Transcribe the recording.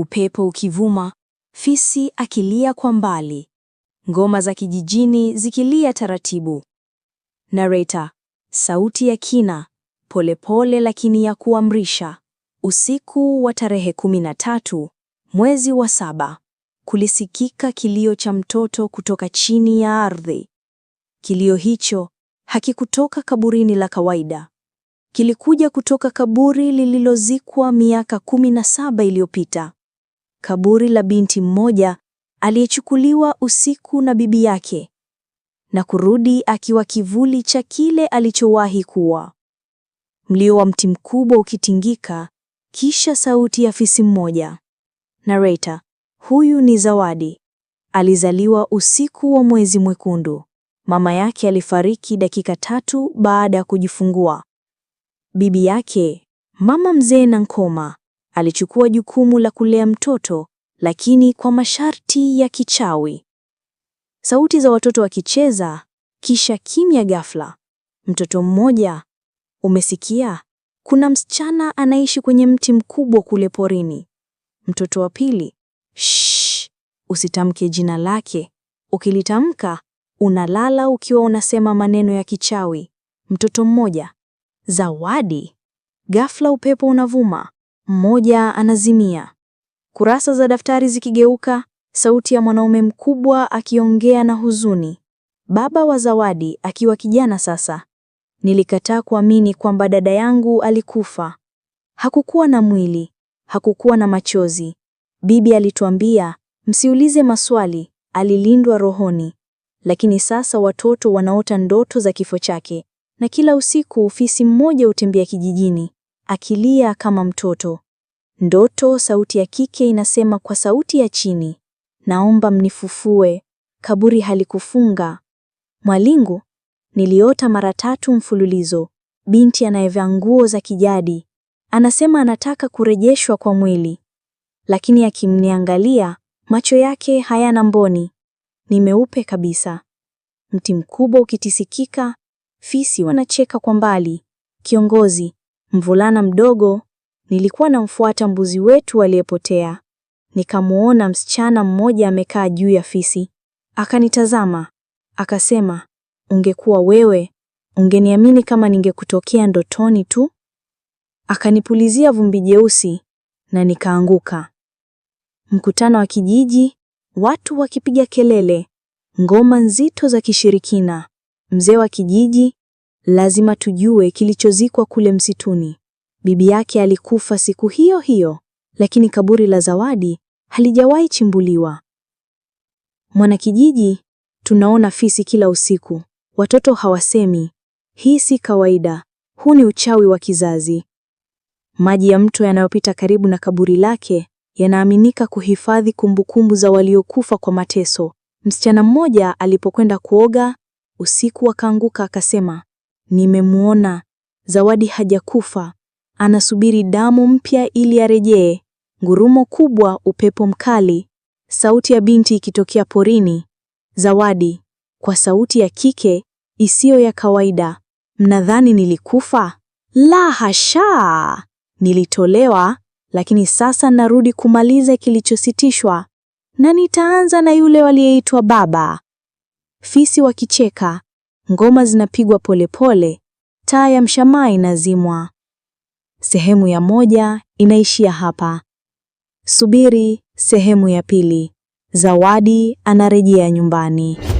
upepo ukivuma, fisi akilia kwa mbali, ngoma za kijijini zikilia taratibu. Narrator, sauti ya kina, polepole pole lakini ya kuamrisha. Usiku wa tarehe 13 mwezi wa saba kulisikika kilio cha mtoto kutoka chini ya ardhi. Kilio hicho hakikutoka kaburini la kawaida, kilikuja kutoka kaburi lililozikwa miaka 17 iliyopita kaburi la binti mmoja aliyechukuliwa usiku na bibi yake na kurudi akiwa kivuli cha kile alichowahi kuwa. Mlio wa mti mkubwa ukitingika, kisha sauti ya fisi mmoja. Narrator: huyu ni Zawadi. Alizaliwa usiku wa mwezi mwekundu. Mama yake alifariki dakika tatu baada ya kujifungua. Bibi yake, mama mzee na nkoma alichukua jukumu la kulea mtoto, lakini kwa masharti ya kichawi. Sauti za watoto wakicheza, kisha kimya ghafla. Mtoto mmoja, umesikia? Kuna msichana anaishi kwenye mti mkubwa kule porini. Mtoto wa pili, shh, usitamke jina lake. Ukilitamka unalala ukiwa unasema maneno ya kichawi. Mtoto mmoja, Zawadi. Ghafla upepo unavuma, mmoja anazimia, kurasa za daftari zikigeuka, sauti ya mwanaume mkubwa akiongea na huzuni, baba wa Zawadi akiwa kijana sasa. Nilikataa kuamini kwamba dada yangu alikufa. Hakukuwa na mwili, hakukuwa na machozi. Bibi alituambia msiulize maswali, alilindwa rohoni. Lakini sasa watoto wanaota ndoto za kifo chake, na kila usiku ufisi mmoja utembea kijijini akilia kama mtoto. Ndoto, sauti ya kike inasema kwa sauti ya chini, naomba mnifufue, kaburi halikufunga. Mwalingu, niliota mara tatu mfululizo, binti anayevaa nguo za kijadi anasema anataka kurejeshwa kwa mwili, lakini akimniangalia macho yake hayana mboni, ni meupe kabisa. Mti mkubwa ukitisikika, fisi wanacheka kwa mbali. Kiongozi, Mvulana mdogo, nilikuwa namfuata mbuzi wetu aliyepotea. Nikamuona msichana mmoja amekaa juu ya fisi. Akanitazama, akasema, ungekuwa wewe, ungeniamini kama ningekutokea ndotoni tu. Akanipulizia vumbi jeusi na nikaanguka. Mkutano wa kijiji, watu wakipiga kelele, ngoma nzito za kishirikina. Mzee wa kijiji Lazima tujue kilichozikwa kule msituni. Bibi yake alikufa siku hiyo hiyo, lakini kaburi la Zawadi halijawahi chimbuliwa. Mwanakijiji, tunaona fisi kila usiku. Watoto hawasemi. Hii si kawaida. Huu ni uchawi wa kizazi. Maji ya mto yanayopita karibu na kaburi lake yanaaminika kuhifadhi kumbukumbu za waliokufa kwa mateso. Msichana mmoja alipokwenda kuoga usiku, akaanguka akasema, Nimemuona Zawadi, hajakufa anasubiri damu mpya ili arejee. Ngurumo kubwa, upepo mkali, sauti ya binti ikitokea porini. Zawadi kwa sauti ya kike isiyo ya kawaida, mnadhani nilikufa? La hasha, nilitolewa, lakini sasa narudi kumaliza kilichositishwa, na nitaanza na yule waliyeitwa baba. Fisi wakicheka, ngoma zinapigwa polepole, taa ya mshamaa inazimwa. Sehemu ya moja inaishia hapa. Subiri sehemu ya pili. Zawadi anarejea nyumbani.